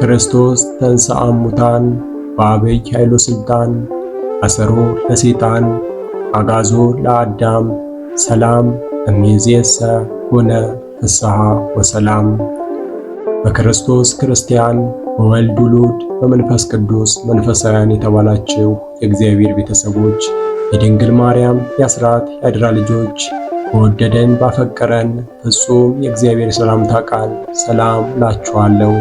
ክርስቶስ ተንሥአ እሙታን በአብይ ኃይሉ ሥልጣን አሰሮ ለሰይጣን አጋዞ ለአዳም ሰላም እምይእዜሰ ኮነ ፍስሐ ወሰላም። በክርስቶስ ክርስቲያን በወልድ ውሉድ በመንፈስ ቅዱስ መንፈሳውያን የተባላችሁ የእግዚአብሔር ቤተሰቦች የድንግል ማርያም የአስራት የአድራ ልጆች በወደደን ባፈቀረን ፍጹም የእግዚአብሔር ሰላምታ ቃል ሰላም እላችኋለሁ።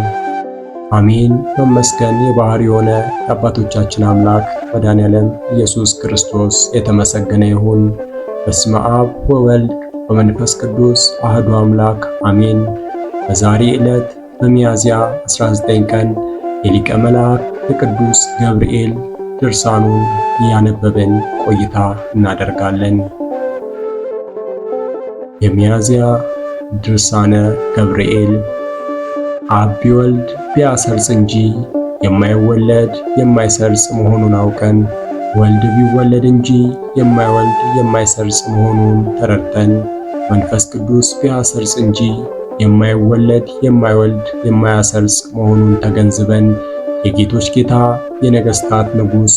አሜን። መመስገን የባህር የሆነ የአባቶቻችን አምላክ መድኃኔዓለም ኢየሱስ ክርስቶስ የተመሰገነ ይሁን። በስመ አብ ወወልድ በመንፈስ ቅዱስ አህዱ አምላክ አሜን። በዛሬ ዕለት በሚያዝያ 19 ቀን የሊቀ መልአክ የቅዱስ ገብርኤል ድርሳኑን እያነበብን ቆይታ እናደርጋለን። የሚያዝያ ድርሳነ ገብርኤል አብ ቢወልድ ቢያሰርጽ እንጂ የማይወለድ የማይሰርጽ መሆኑን አውቀን ወልድ ቢወለድ እንጂ የማይወልድ የማይሰርጽ መሆኑን ተረድተን መንፈስ ቅዱስ ቢያሰርጽ እንጂ የማይወለድ የማይወልድ የማያሰርጽ መሆኑን ተገንዝበን የጌቶች ጌታ የነገሥታት ንጉሥ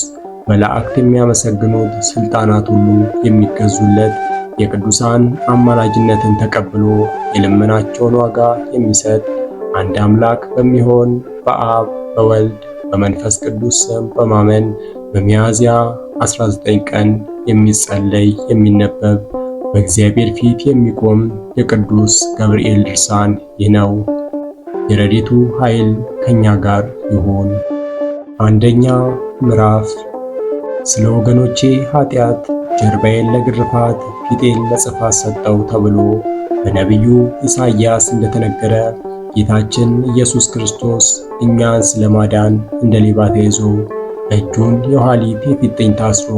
መላእክት የሚያመሰግኑት ሥልጣናት ሁሉ የሚገዙለት የቅዱሳን አማላጅነትን ተቀብሎ የልመናቸውን ዋጋ የሚሰጥ አንድ አምላክ በሚሆን በአብ በወልድ በመንፈስ ቅዱስ ስም በማመን በሚያዝያ 19 ቀን የሚጸለይ የሚነበብ በእግዚአብሔር ፊት የሚቆም የቅዱስ ገብርኤል ድርሳን ይህ ነው። የረዴቱ ኃይል ከኛ ጋር ይሁን። አንደኛ ምዕራፍ ስለ ወገኖቼ ኃጢአት ጀርባዬን ለግርፋት ፊቴን ለጽፋት ሰጠው ተብሎ በነቢዩ ኢሳይያስ እንደተነገረ ጌታችን ኢየሱስ ክርስቶስ እኛን ስለማዳን እንደ ሌባ ተይዞ እጁን የኋሊት የፊጥኝ ታስሮ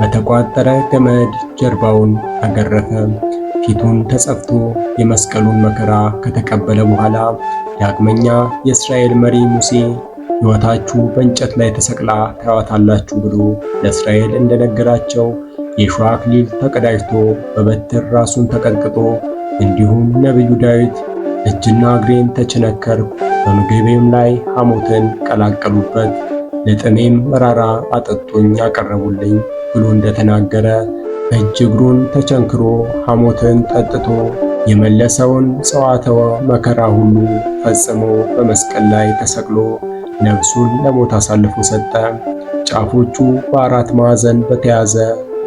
በተቋጠረ ገመድ ጀርባውን ተገረፈ። ፊቱን ተጸፍቶ የመስቀሉን መከራ ከተቀበለ በኋላ ዳግመኛ የእስራኤል መሪ ሙሴ ሕይወታችሁ በእንጨት ላይ ተሰቅላ ታዋታላችሁ ብሎ ለእስራኤል እንደነገራቸው የሾህ አክሊል ተቀዳጅቶ በበትር ራሱን ተቀጥቅጦ እንዲሁም ነቢዩ ዳዊት እጅና እግሬን ተቸነከርኩ። በምግቤም ላይ ሐሞትን ቀላቀሉበት፣ ለጥሜም መራራ አጠጡኝ አቀረቡልኝ ብሎ እንደተናገረ በእጅ እግሩን ተቸንክሮ ሐሞትን ጠጥቶ የመለሰውን ጸዋተወ መከራ ሁሉ ፈጽሞ በመስቀል ላይ ተሰቅሎ ነፍሱን ለሞት አሳልፎ ሰጠ። ጫፎቹ በአራት ማዕዘን በተያዘ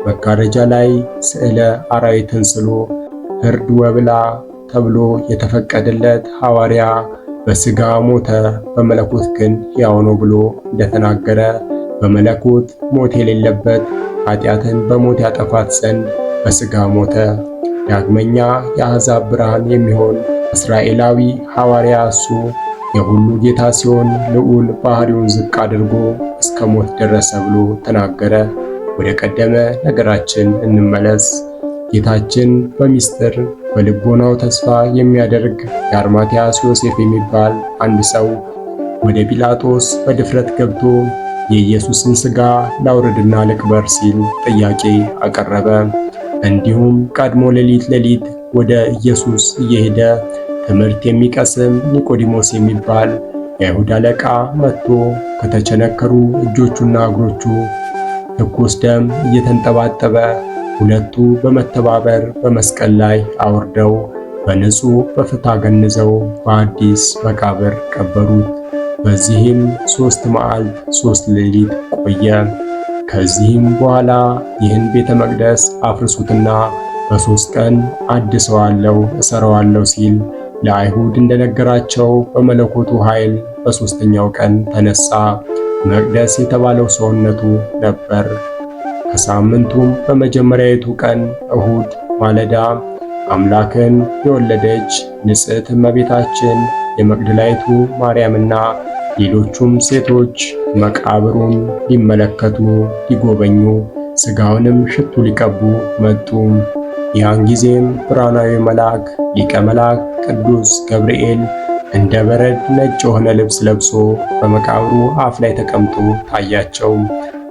መጋረጃ ላይ ስዕለ አራዊትን ስሎ ፍርድ ወብላ ተብሎ የተፈቀደለት ሐዋርያ በሥጋ ሞተ፣ በመለኮት ግን ያው ነው ብሎ እንደተናገረ በመለኮት ሞት የሌለበት ኃጢአትን በሞት ያጠፋት ዘንድ በሥጋ ሞተ። ዳግመኛ የአሕዛብ ብርሃን የሚሆን እስራኤላዊ ሐዋርያ እሱ የሁሉ ጌታ ሲሆን ልዑል ባሕሪውን ዝቅ አድርጎ እስከ ሞት ደረሰ ብሎ ተናገረ። ወደ ቀደመ ነገራችን እንመለስ። ጌታችን በሚስጥር በልቦናው ተስፋ የሚያደርግ የአርማትያስ ዮሴፍ የሚባል አንድ ሰው ወደ ጲላጦስ በድፍረት ገብቶ የኢየሱስን ሥጋ ላውርድና ልቅበር ሲል ጥያቄ አቀረበ። እንዲሁም ቀድሞ ሌሊት ሌሊት ወደ ኢየሱስ እየሄደ ትምህርት የሚቀስም ኒቆዲሞስ የሚባል የአይሁድ አለቃ መጥቶ ከተቸነከሩ እጆቹና እግሮቹ ትኩስ ደም እየተንጠባጠበ ሁለቱ በመተባበር በመስቀል ላይ አውርደው በንጹህ በፍታ ገንዘው በአዲስ መቃብር ቀበሩት። በዚህም ሶስት መዓልት ሶስት ሌሊት ቆየ። ከዚህም በኋላ ይህን ቤተ መቅደስ አፍርሱትና በሦስት ቀን አድሰዋለሁ እሰራዋለሁ ሲል ለአይሁድ እንደነገራቸው በመለኮቱ ኃይል በሦስተኛው ቀን ተነሳ። መቅደስ የተባለው ሰውነቱ ነበር። ከሳምንቱም በመጀመሪያይቱ ቀን እሁድ ማለዳ አምላክን የወለደች ንጽሕት እመቤታችን የመግደላይቱ ማርያምና ሌሎቹም ሴቶች መቃብሩን ሊመለከቱ ሊጎበኙ ሥጋውንም ሽቱ ሊቀቡ መጡ። ያን ጊዜም ብርሃናዊ መልአክ ሊቀ መልአክ ቅዱስ ገብርኤል እንደ በረድ ነጭ የሆነ ልብስ ለብሶ በመቃብሩ አፍ ላይ ተቀምጦ ታያቸው።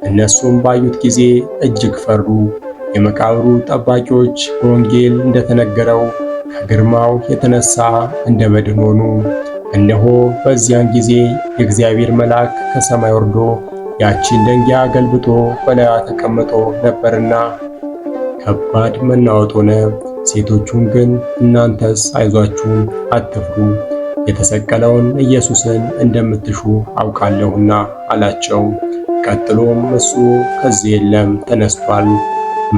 እነሱም ባዩት ጊዜ እጅግ ፈሩ። የመቃብሩ ጠባቂዎች በወንጌል እንደተነገረው ከግርማው የተነሳ እንደ ሆኑ። እነሆ በዚያን ጊዜ የእግዚአብሔር መልአክ ከሰማይ ወርዶ ያቺን ደንጊያ ገልብጦ በላያ ተቀምጦ ነበርና ከባድ መናወጥ ሆነ። ሴቶቹን ግን እናንተስ አይዟችሁ፣ አትፍሩ፣ የተሰቀለውን ኢየሱስን እንደምትሹ አውቃለሁና አላቸው። ቀጥሎም እሱ ከዚህ የለም ተነስቷል፣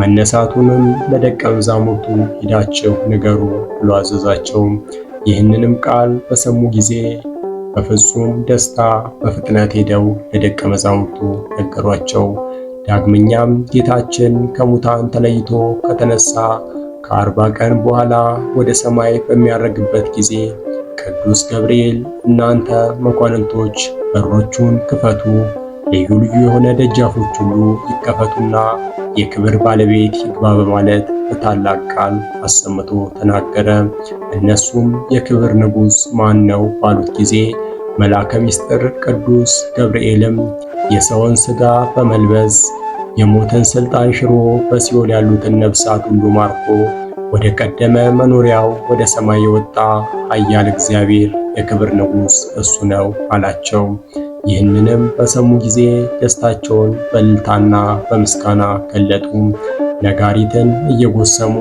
መነሳቱንም ለደቀ መዛሙርቱ ሂዳችሁ ንገሩ ብሎ አዘዛቸው። ይህንንም ቃል በሰሙ ጊዜ በፍጹም ደስታ በፍጥነት ሄደው ለደቀ መዛሙርቱ ነገሯቸው። ዳግመኛም ጌታችን ከሙታን ተለይቶ ከተነሳ ከአርባ ቀን በኋላ ወደ ሰማይ በሚያረግበት ጊዜ ቅዱስ ገብርኤል እናንተ መኳንንቶች በሮቹን ክፈቱ ልዩ ልዩ የሆነ ደጃፎች ሁሉ ይከፈቱና የክብር ባለቤት ይግባ በማለት በታላቅ ቃል አሰምቶ ተናገረ። እነሱም የክብር ንጉሥ ማን ነው ባሉት ጊዜ መልአከ ምስጢር ቅዱስ ገብርኤልም የሰውን ሥጋ በመልበስ የሞትን ሥልጣን ሽሮ በሲኦል ያሉትን ነፍሳት ሁሉ ማርኮ ወደ ቀደመ መኖሪያው ወደ ሰማይ የወጣ ኃያል እግዚአብሔር የክብር ንጉሥ እሱ ነው አላቸው። ይህንንም በሰሙ ጊዜ ደስታቸውን በእልልታና በምስጋና ገለጡ። ነጋሪትን እየጎሰሙ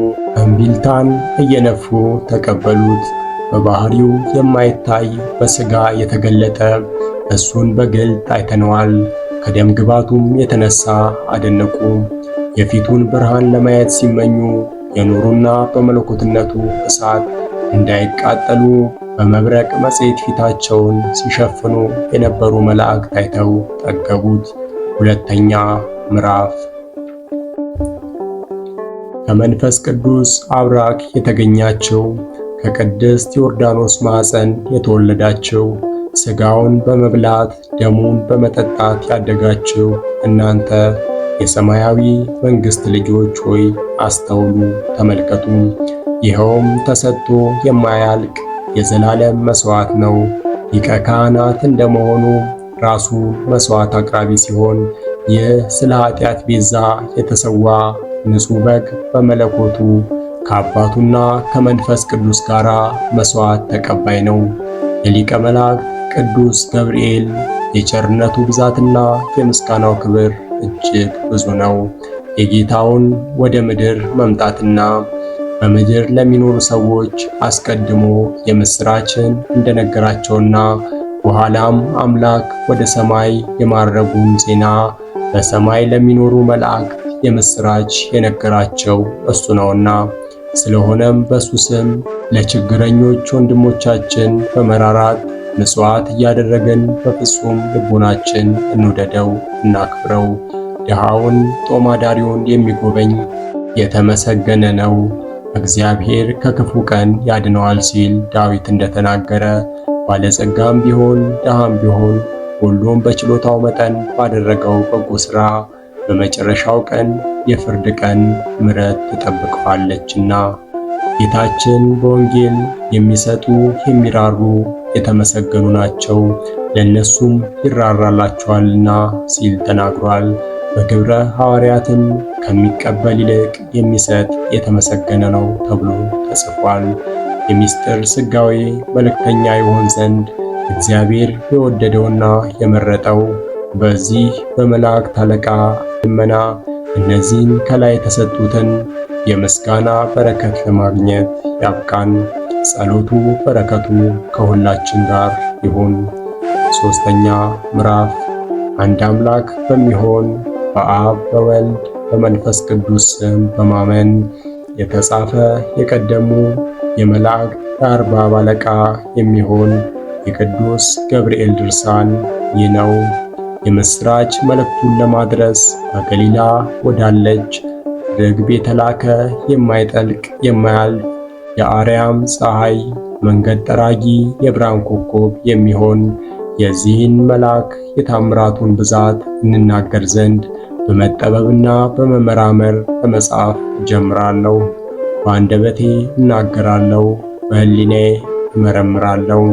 እምቢልታን እየነፉ ተቀበሉት። በባህሪው የማይታይ በሥጋ የተገለጠ እሱን በግልጥ አይተነዋል። ከደም ግባቱም የተነሳ አደነቁ። የፊቱን ብርሃን ለማየት ሲመኙ የኑሩና በመለኮትነቱ እሳት እንዳይቃጠሉ በመብረቅ መጽሔት ፊታቸውን ሲሸፍኑ የነበሩ መላእክት አይተው ጠገቡት። ሁለተኛ ምዕራፍ ከመንፈስ ቅዱስ አብራክ የተገኛቸው ከቅድስት ዮርዳኖስ ማዕፀን የተወለዳቸው ሥጋውን በመብላት ደሙን በመጠጣት ያደጋችሁ እናንተ የሰማያዊ መንግሥት ልጆች ሆይ አስተውሉ፣ ተመልከቱ። ይኸውም ተሰጥቶ የማያልቅ የዘላለም መሥዋዕት ነው። ሊቀ ካህናት እንደመሆኑ ራሱ መሥዋዕት አቅራቢ ሲሆን ይህ ስለ ኃጢአት ቤዛ የተሰዋ ንጹሕ በግ በመለኮቱ ከአባቱና ከመንፈስ ቅዱስ ጋር መሥዋዕት ተቀባይ ነው። የሊቀ መላእክት ቅዱስ ገብርኤል የቸርነቱ ብዛትና የምስጋናው ክብር እጅግ ብዙ ነው። የጌታውን ወደ ምድር መምጣትና በምድር ለሚኖሩ ሰዎች አስቀድሞ የምሥራችን እንደነገራቸውና በኋላም አምላክ ወደ ሰማይ የማረጉን ዜና በሰማይ ለሚኖሩ መላእክት የምስራች የነገራቸው እሱ ነውና፣ ስለሆነም በእሱ ስም ለችግረኞች ወንድሞቻችን በመራራት ምጽዋት እያደረግን በፍጹም ልቦናችን እንውደደው እናክብረው። ድሃውን ጦማዳሪውን የሚጎበኝ የተመሰገነ ነው። እግዚአብሔር ከክፉ ቀን ያድነዋል ሲል ዳዊት እንደተናገረ ባለጸጋም ቢሆን ድሃም ቢሆን ሁሉም በችሎታው መጠን ባደረገው በጎ ሥራ በመጨረሻው ቀን የፍርድ ቀን ምረት ትጠብቀዋለችና። ጌታችን በወንጌል የሚሰጡ የሚራሩ የተመሰገኑ ናቸው ለእነሱም ይራራላቸዋልና ሲል ተናግሯል። በግብረ ሐዋርያትም ከሚቀበል ይልቅ የሚሰጥ የተመሰገነ ነው ተብሎ ተጽፏል። የምስጢር ሥጋዊ መልእክተኛ ይሆን ዘንድ እግዚአብሔር የወደደውና የመረጠው በዚህ በመላእክት አለቃ ልመና እነዚህን ከላይ የተሰጡትን የምስጋና በረከት ለማግኘት ያብቃን። ጸሎቱ በረከቱ ከሁላችን ጋር ይሁን። ሦስተኛ ምዕራፍ አንድ አምላክ በሚሆን በአብ በወልድ በመንፈስ ቅዱስ ስም በማመን የተጻፈ የቀደሙ የመላእክት የአርባብ አለቃ የሚሆን የቅዱስ ገብርኤል ድርሳን ይህ ነው። የምሥራች መልእክቱን ለማድረስ በገሊላ ወዳለች ርግብ የተላከ የማይጠልቅ የማያልፍ የአርያም ፀሐይ መንገድ ጠራጊ የብርሃን ኮከብ የሚሆን የዚህን መልአክ የታምራቱን ብዛት እንናገር ዘንድ በመጠበብና በመመራመር በመጻፍ እጀምራለሁ። በአንደበቴ እናገራለሁ፣ በህሊኔ እመረምራለሁ።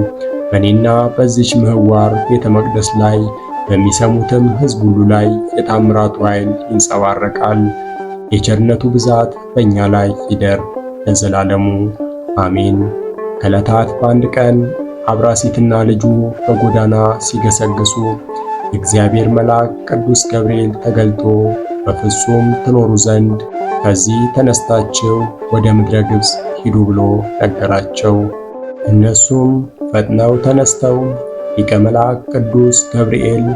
በእኔና በዚች ምህዋር ቤተ መቅደስ ላይ በሚሰሙትም ሕዝብ ሁሉ ላይ የታምራቱ ኃይል ይንጸባረቃል። የቸርነቱ ብዛት በእኛ ላይ ይደር ለዘላለሙ አሜን። ከዕለታት በአንድ ቀን አብራሲትና ልጁ በጎዳና ሲገሰግሱ እግዚአብሔር መልአክ ቅዱስ ገብርኤል ተገልጦ በፍጹም ትኖሩ ዘንድ ከዚህ ተነስታችሁ ወደ ምድረ ግብፅ ሂዱ ብሎ ነገራቸው። እነሱም ፈጥነው ተነስተው ሊቀ መልአክ ቅዱስ ገብርኤል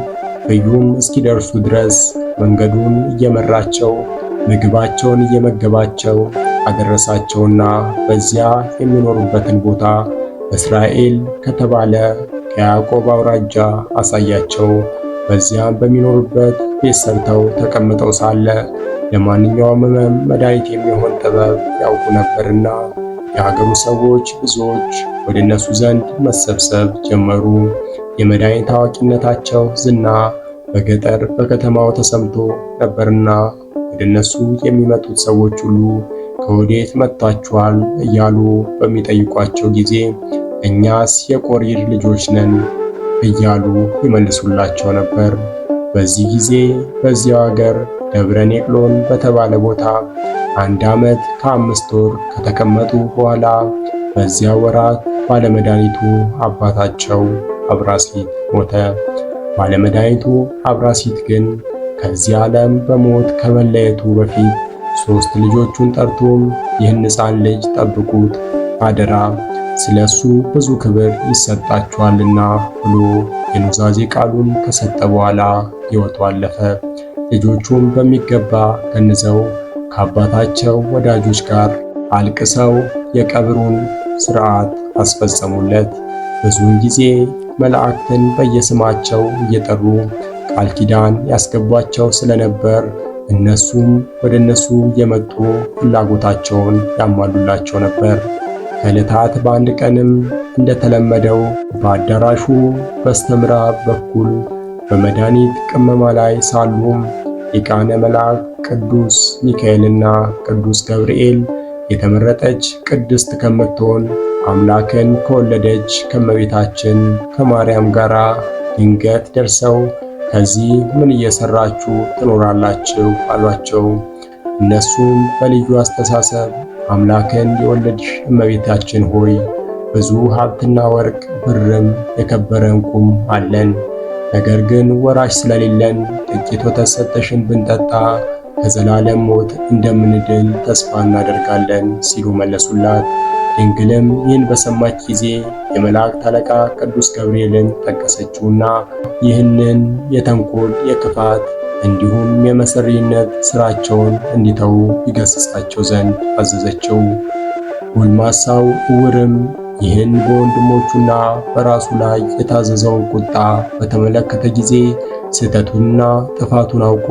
ፍዩም እስኪደርሱ ድረስ መንገዱን እየመራቸው ምግባቸውን እየመገባቸው አደረሳቸውና በዚያ የሚኖሩበትን ቦታ እስራኤል ከተባለ ከያዕቆብ አውራጃ አሳያቸው። በዚያም በሚኖሩበት ቤት ሰርተው ተቀምጠው ሳለ ለማንኛውም ሕመም መድኃኒት የሚሆን ጥበብ ያውቁ ነበርና የሀገሩ ሰዎች ብዙዎች ወደ እነሱ ዘንድ መሰብሰብ ጀመሩ። የመድኃኒት አዋቂነታቸው ዝና በገጠር በከተማው ተሰምቶ ነበርና ወደ እነሱ የሚመጡት ሰዎች ሁሉ ከወዴት መጥታችኋል እያሉ በሚጠይቋቸው ጊዜ እኛስ የቆሬድ ልጆች ነን እያሉ ይመልሱላቸው ነበር። በዚህ ጊዜ በዚያው አገር ደብረ ኔቅሎን በተባለ ቦታ አንድ ዓመት ከአምስት ወር ከተቀመጡ በኋላ በዚያ ወራት ባለመድኃኒቱ አባታቸው አብራሲት ሞተ። ባለመድኃኒቱ አብራሲት ግን ከዚህ ዓለም በሞት ከመለየቱ በፊት ሦስት ልጆቹን ጠርቶም ይህን ሕፃን ልጅ ጠብቁት፣ አደራ ስለ እሱ ብዙ ክብር ይሰጣቸዋልና ብሎ የኑዛዜ ቃሉን ከሰጠ በኋላ ሕይወቱ አለፈ። ልጆቹም በሚገባ ገንዘው ከአባታቸው ወዳጆች ጋር አልቅሰው የቀብሩን ሥርዓት አስፈጸሙለት። ብዙውን ጊዜ መላእክትን በየስማቸው እየጠሩ ቃል ኪዳን ያስገቧቸው ስለነበር እነሱም ወደ እነሱ እየመጡ ፍላጎታቸውን ያሟሉላቸው ነበር። ከዕለታት በአንድ ቀንም እንደተለመደው በአዳራሹ በስተምዕራብ በኩል በመድኃኒት ቅመማ ላይ ሳሉም ሊቃነ መልአክ ቅዱስ ሚካኤልና ቅዱስ ገብርኤል የተመረጠች ቅድስት ከምትሆን አምላክን ከወለደች ከመቤታችን ከማርያም ጋር ድንገት ደርሰው ከዚህ ምን እየሰራችሁ ትኖራላችሁ? አሏቸው። እነሱም በልዩ አስተሳሰብ አምላክን የወለድሽ እመቤታችን ሆይ ብዙ ሀብትና ወርቅ ብርም የከበረ ቁም አለን። ነገር ግን ወራሽ ስለሌለን ጥቂት ወተሰጠሽን ብንጠጣ ከዘላለም ሞት እንደምንድን ተስፋ እናደርጋለን ሲሉ መለሱላት። ድንግልም ይህን በሰማች ጊዜ የመላእክት አለቃ ቅዱስ ገብርኤልን ጠቀሰችውና ይህንን የተንኮል የክፋት እንዲሁም የመሰሪነት ስራቸውን እንዲተዉ ይገሥጻቸው ዘንድ አዘዘችው። ጎልማሳው ዕውርም ይህን በወንድሞቹና በራሱ ላይ የታዘዘውን ቁጣ በተመለከተ ጊዜ ስህተቱንና ጥፋቱን አውቆ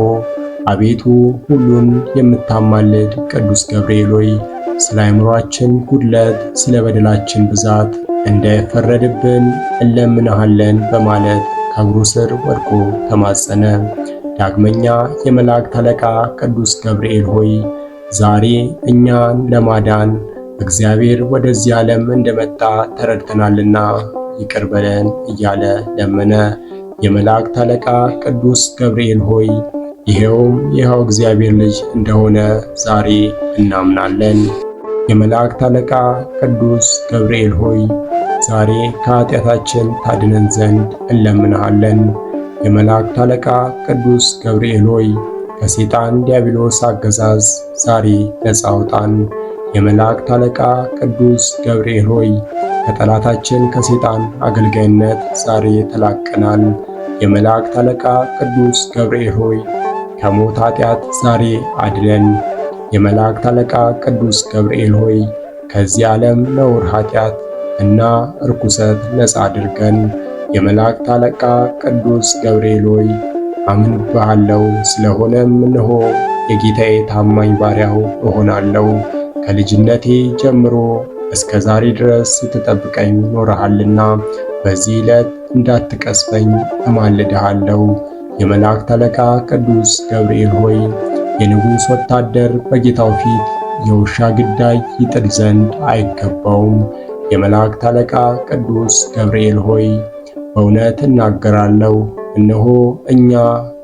አቤቱ ሁሉን የምታማልድ ቅዱስ ገብርኤል ሆይ ስለ አእምሯችን ጉድለት፣ ስለ በደላችን ብዛት እንዳይፈረድብን እለምንሃለን በማለት ከእግሩ ስር ወድቆ ተማጸነ። ዳግመኛ የመላእክት አለቃ ቅዱስ ገብርኤል ሆይ ዛሬ እኛን ለማዳን እግዚአብሔር ወደዚህ ዓለም እንደመጣ ተረድተናልና ይቅር በለን እያለ ለመነ። የመላእክት አለቃ ቅዱስ ገብርኤል ሆይ ይሄውም ይኸው እግዚአብሔር ልጅ እንደሆነ ዛሬ እናምናለን። የመላእክት አለቃ ቅዱስ ገብርኤል ሆይ ዛሬ ከኃጢአታችን ታድነን ዘንድ እንለምንሃለን። የመላእክት አለቃ ቅዱስ ገብርኤል ሆይ ከሴጣን ዲያብሎስ አገዛዝ ዛሬ ነፃ አውጣን። የመላእክት አለቃ ቅዱስ ገብርኤል ሆይ ከጠላታችን ከሴጣን አገልጋይነት ዛሬ ተላቀናል። የመላእክት አለቃ ቅዱስ ገብርኤል ሆይ ከሞት ኃጢአት ዛሬ አድነን። የመላእክት አለቃ ቅዱስ ገብርኤል ሆይ ከዚህ ዓለም ነውር ኃጢአት እና እርኩሰት ነፃ አድርገን። የመላእክት አለቃ ቅዱስ ገብርኤል ሆይ አምንብሃለሁ። ስለሆነም እነሆ የጌታዬ ታማኝ ባሪያው እሆናለሁ። ከልጅነቴ ጀምሮ እስከ ዛሬ ድረስ ስትጠብቀኝ ኖረሃልና በዚህ ዕለት እንዳትቀስፈኝ እማልድሃለሁ። የመላእክት አለቃ ቅዱስ ገብርኤል ሆይ የንጉሥ ወታደር በጌታው ፊት የውሻ ግዳይ ይጥል ዘንድ አይገባውም። የመላእክት አለቃ ቅዱስ ገብርኤል ሆይ በእውነት እናገራለሁ፣ እነሆ እኛ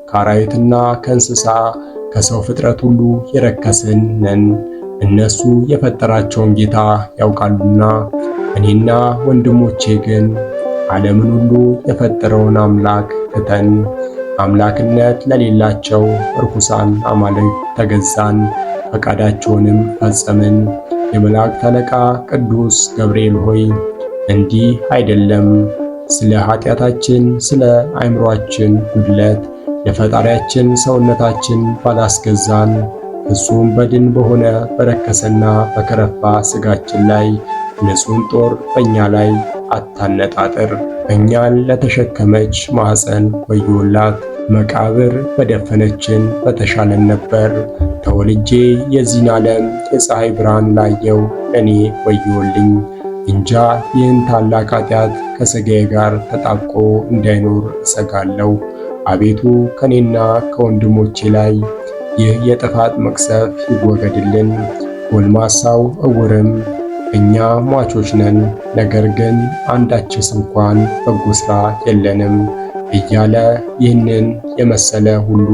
ከአራዊትና ከእንስሳ ከሰው ፍጥረት ሁሉ የረከስን ነን፣ እነሱ የፈጠራቸውን ጌታ ያውቃሉና። እኔና ወንድሞቼ ግን ዓለምን ሁሉ የፈጠረውን አምላክ ትተን አምላክነት ለሌላቸው እርኩሳን አማልክት ተገዛን፣ ፈቃዳቸውንም ፈጸምን። የመላእክት አለቃ ቅዱስ ገብርኤል ሆይ እንዲህ አይደለም። ስለ ኃጢአታችን፣ ስለ አእምሮአችን ጉድለት የፈጣሪያችን ሰውነታችን ባላስገዛን ፍጹም በድን በሆነ በረከሰና በከረፋ ስጋችን ላይ ንጹሕን ጦር በእኛ ላይ አታነጣጥር። እኛን ለተሸከመች ማኅፀን ወዮላት፣ መቃብር በደፈነችን በተሻለን ነበር። ተወልጄ የዚህን ዓለም የፀሐይ ብርሃን ላየው እኔ ወዮልኝ። እንጃ ይህን ታላቅ ኃጢአት ከሥጋዬ ጋር ተጣብቆ እንዳይኖር እሰጋለሁ። አቤቱ ከኔና ከወንድሞቼ ላይ ይህ የጥፋት መቅሰፍ ይወገድልን። ጎልማሳው እውርም እኛ ሟቾች ነን፣ ነገር ግን አንዳችስ እንኳን በጎ ሥራ የለንም እያለ ይህንን የመሰለ ሁሉ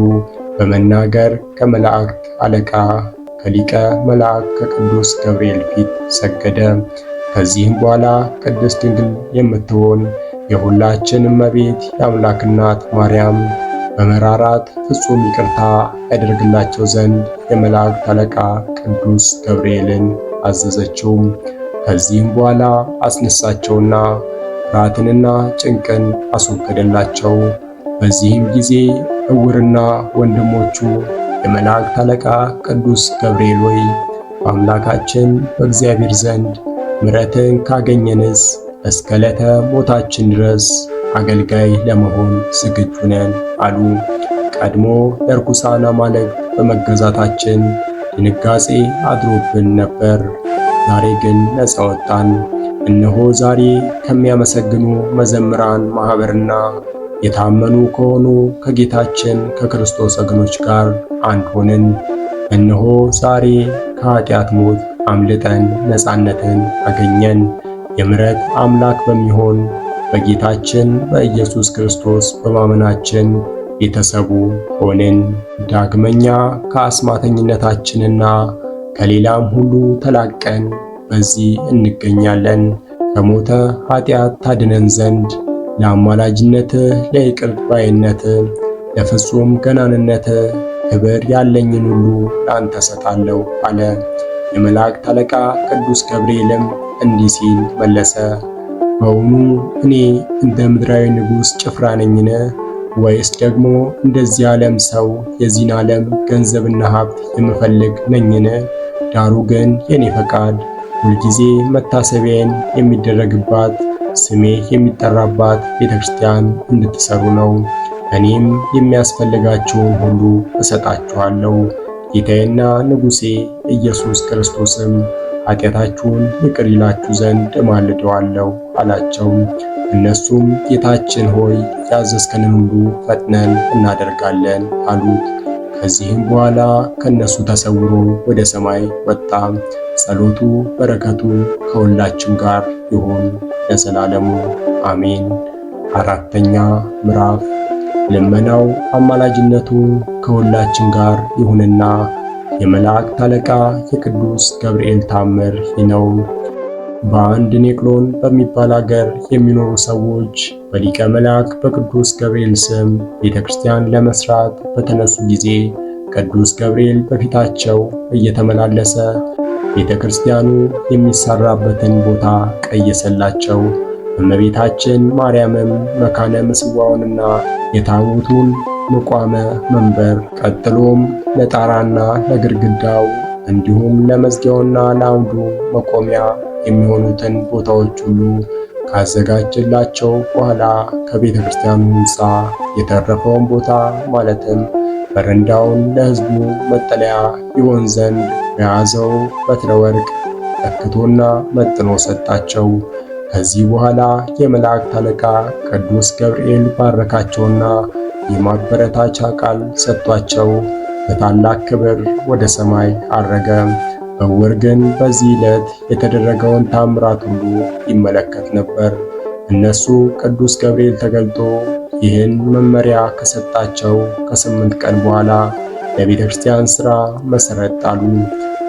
በመናገር ከመላእክት አለቃ ከሊቀ መልአክ ከቅዱስ ገብርኤል ፊት ሰገደ። ከዚህም በኋላ ቅድስት ድንግል የምትሆን የሁላችን እመቤት የአምላክ እናት ማርያም በመራራት ፍጹም ይቅርታ ያደርግላቸው ዘንድ የመላእክት አለቃ ቅዱስ ገብርኤልን አዘዘችው። ከዚህም በኋላ አስነሳቸውና ፍርሃትንና ጭንቅን አስወገደላቸው። በዚህም ጊዜ እውርና ወንድሞቹ የመላእክት አለቃ ቅዱስ ገብርኤል ሆይ በአምላካችን በእግዚአብሔር ዘንድ ምረትን ካገኘንስ እስከ ዕለተ ሞታችን ድረስ አገልጋይ ለመሆን ዝግጁ ነን አሉ። ቀድሞ ለርኩሳን አማልክት በመገዛታችን ድንጋጼ አድሮብን ነበር። ዛሬ ግን ነፃ ወጣን። እነሆ ዛሬ ከሚያመሰግኑ መዘምራን ማኅበርና የታመኑ ከሆኑ ከጌታችን ከክርስቶስ ወገኖች ጋር አንድ ሆንን። እነሆ ዛሬ ከኃጢአት ሞት አምልጠን ነፃነትን አገኘን። የምሕረት አምላክ በሚሆን በጌታችን በኢየሱስ ክርስቶስ በማመናችን ቤተሰቡ ሆንን። ዳግመኛ ከአስማተኝነታችንና ከሌላም ሁሉ ተላቀን በዚህ እንገኛለን። ከሞተ ኃጢአት ታድነን ዘንድ ለአማላጅነት፣ ለይቅር ባይነት፣ ለፍጹም ገናንነት ክብር ያለኝን ሁሉ ላንተ ሰጣለሁ አለ። የመላእክት አለቃ ቅዱስ ገብርኤልም እንዲህ ሲል መለሰ፣ በውኑ እኔ እንደ ምድራዊ ንጉሥ ጭፍራ ነኝን? ወይስ ደግሞ እንደዚህ ዓለም ሰው የዚህን ዓለም ገንዘብና ሀብት የምፈልግ ነኝን? ዳሩ ግን የእኔ ፈቃድ ሁልጊዜ መታሰቢያን የሚደረግባት ስሜ የሚጠራባት ቤተ ክርስቲያን እንድትሰሩ ነው። እኔም የሚያስፈልጋችሁን ሁሉ እሰጣችኋለሁ። ጌታዬና ንጉሴ ኢየሱስ ክርስቶስም ኃጢአታችሁን ይቅር ይላችሁ ዘንድ እማልደዋለሁ አላቸው። እነሱም ጌታችን ሆይ ያዘዝከንን ሁሉ ፈጥነን እናደርጋለን አሉት። ከዚህም በኋላ ከነሱ ተሰውሮ ወደ ሰማይ ወጣ። ጸሎቱ በረከቱ ከሁላችን ጋር ይሁን ለዘላለሙ አሜን። አራተኛ ምዕራፍ ልመናው አማላጅነቱ ከሁላችን ጋር ይሁንና የመላእክት አለቃ የቅዱስ ገብርኤል ታምር ነው። በአንድ ኔቅሎን በሚባል አገር የሚኖሩ ሰዎች በሊቀ መልአክ በቅዱስ ገብርኤል ስም ቤተክርስቲያን ለመስራት በተነሱ ጊዜ ቅዱስ ገብርኤል በፊታቸው እየተመላለሰ ቤተክርስቲያኑ የሚሰራበትን ቦታ ቀየሰላቸው። እመቤታችን ማርያምም መካነ ምስዋውንና የታቦቱን መቋመ መንበር ቀጥሎም ለጣራና ለግድግዳው እንዲሁም ለመዝጊያውና ለአምዱ መቆሚያ የሚሆኑትን ቦታዎች ሁሉ ካዘጋጀላቸው በኋላ ከቤተ ክርስቲያኑ ሕንፃ የተረፈውን ቦታ ማለትም በረንዳውን ለሕዝቡ መጠለያ ይሆን ዘንድ በያዘው በትረ ወርቅ ተክቶና መጥኖ ሰጣቸው። ከዚህ በኋላ የመላእክት አለቃ ቅዱስ ገብርኤል ባረካቸውና የማበረታቻ ቃል ሰጥቷቸው በታላቅ ክብር ወደ ሰማይ አረገ። እውር ግን በዚህ ዕለት የተደረገውን ታምራት ሁሉ ይመለከት ነበር። እነሱ ቅዱስ ገብርኤል ተገልጦ ይህን መመሪያ ከሰጣቸው ከስምንት ቀን በኋላ ለቤተ ክርስቲያን ሥራ መሠረት ጣሉ።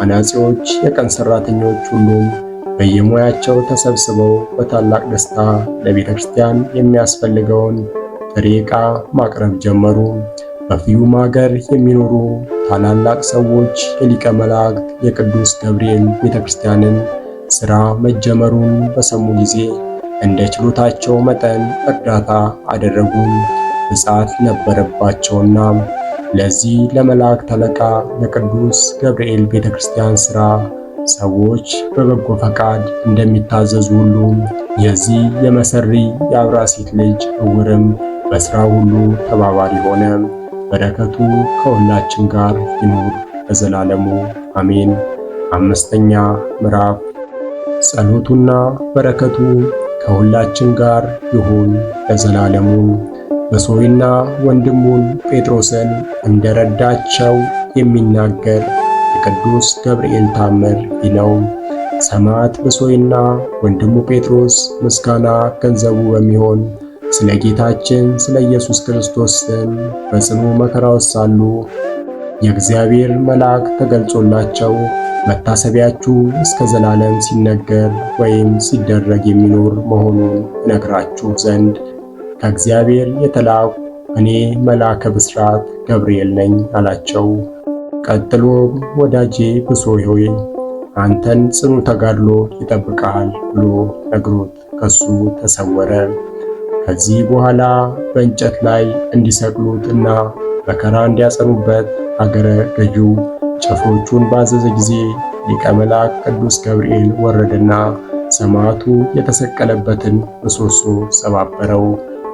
አናጺዎች፣ የቀን ሠራተኞች ሁሉም በየሙያቸው ተሰብስበው በታላቅ ደስታ ለቤተ ክርስቲያን የሚያስፈልገውን ጥሬ ዕቃ ማቅረብ ጀመሩ። በፍዩም ሀገር የሚኖሩ ታላላቅ ሰዎች የሊቀ መላእክት የቅዱስ ገብርኤል ቤተክርስቲያንን ሥራ መጀመሩን በሰሙ ጊዜ እንደ ችሎታቸው መጠን እርዳታ አደረጉ። ብጻት ነበረባቸውና ለዚህ ለመላእክት አለቃ ለቅዱስ ገብርኤል ቤተክርስቲያን ሥራ ሰዎች በበጎ ፈቃድ እንደሚታዘዙ ሁሉ የዚህ የመሰሪ የአብራሲት ልጅ እውርም በሥራ ሁሉ ተባባሪ ሆነ። በረከቱ ከሁላችን ጋር ይኑር በዘላለሙ አሜን። አምስተኛ ምዕራፍ ጸሎቱና በረከቱ ከሁላችን ጋር ይሁን ለዘላለሙ። በሶይና ወንድሙን ጴጥሮስን እንደረዳቸው የሚናገር የቅዱስ ገብርኤል ታምር ይነው። ሰማዕት በሶይና ወንድሙ ጴጥሮስ ምስጋና ገንዘቡ በሚሆን ስለ ጌታችን ስለ ኢየሱስ ክርስቶስ ስም በጽኑ መከራ ውስጥ ሳሉ የእግዚአብሔር መልአክ ተገልጾላቸው መታሰቢያችሁ እስከ ዘላለም ሲነገር ወይም ሲደረግ የሚኖር መሆኑን እነግራችሁ ዘንድ ከእግዚአብሔር የተላኩ እኔ መልአከ ብስራት ገብርኤል ነኝ አላቸው። ቀጥሎ ወዳጄ ብሶይ ሆይ አንተን ጽኑ ተጋድሎ ይጠብቃል ብሎ ነግሮት ከሱ ተሰወረ። ከዚህ በኋላ በእንጨት ላይ እንዲሰቅሉት እና መከራ እንዲያጸኑበት ሀገረ ገዢው ጭፍሮቹን ባዘዘ ጊዜ ሊቀ መላእክት ቅዱስ ገብርኤል ወረደና ሰማዕቱ የተሰቀለበትን ምሰሶ ሰባበረው።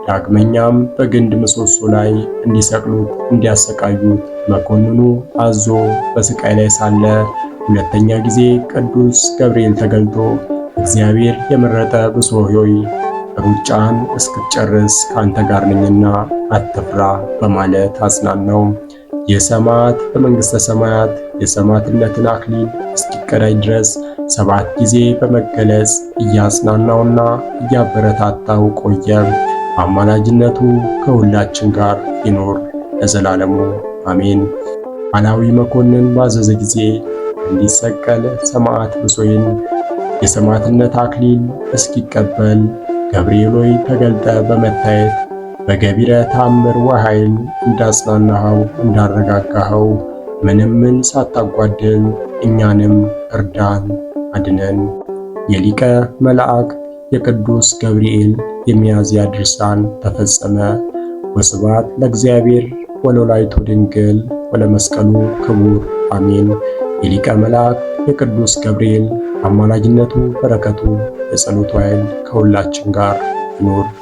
ዳግመኛም በግንድ ምሰሶ ላይ እንዲሰቅሉት እንዲያሰቃዩት መኮንኑ አዞ በስቃይ ላይ ሳለ ሁለተኛ ጊዜ ቅዱስ ገብርኤል ተገልጦ እግዚአብሔር የመረጠ ብሶ ሆይ ሩጫን እስክትጨርስ ካንተ ጋር ነኝና አትፍራ በማለት አጽናናው። የሰማዕት በመንግሥተ ሰማያት የሰማዕትነትን አክሊል እስኪቀዳኝ ድረስ ሰባት ጊዜ በመገለጽ እያጽናናውና እያበረታታው ቆየ። አማላጅነቱ ከሁላችን ጋር ይኖር ለዘላለሙ አሜን። አላዊ መኮንን ባዘዘ ጊዜ እንዲሰቀል ሰማዕት ብሶይን የሰማዕትነት አክሊል እስኪቀበል ገብርኤል ሆይ ተገልጠ በመታየት በገቢረ ተአምር ወኃይል እንዳጽናናኸው እንዳረጋጋኸው ምንም ምን ሳታጓድል እኛንም እርዳን አድነን። የሊቀ መልአክ የቅዱስ ገብርኤል የሚያዝያ ድርሳን ተፈጸመ። ወስባት ለእግዚአብሔር ወለወላዲቱ ድንግል ወለመስቀሉ ክቡር አሜን። የሊቀ መልአክ የቅዱስ ገብርኤል አማላጅነቱ በረከቱ የጸሎቱ ኃይል ከሁላችን ጋር ይኑር።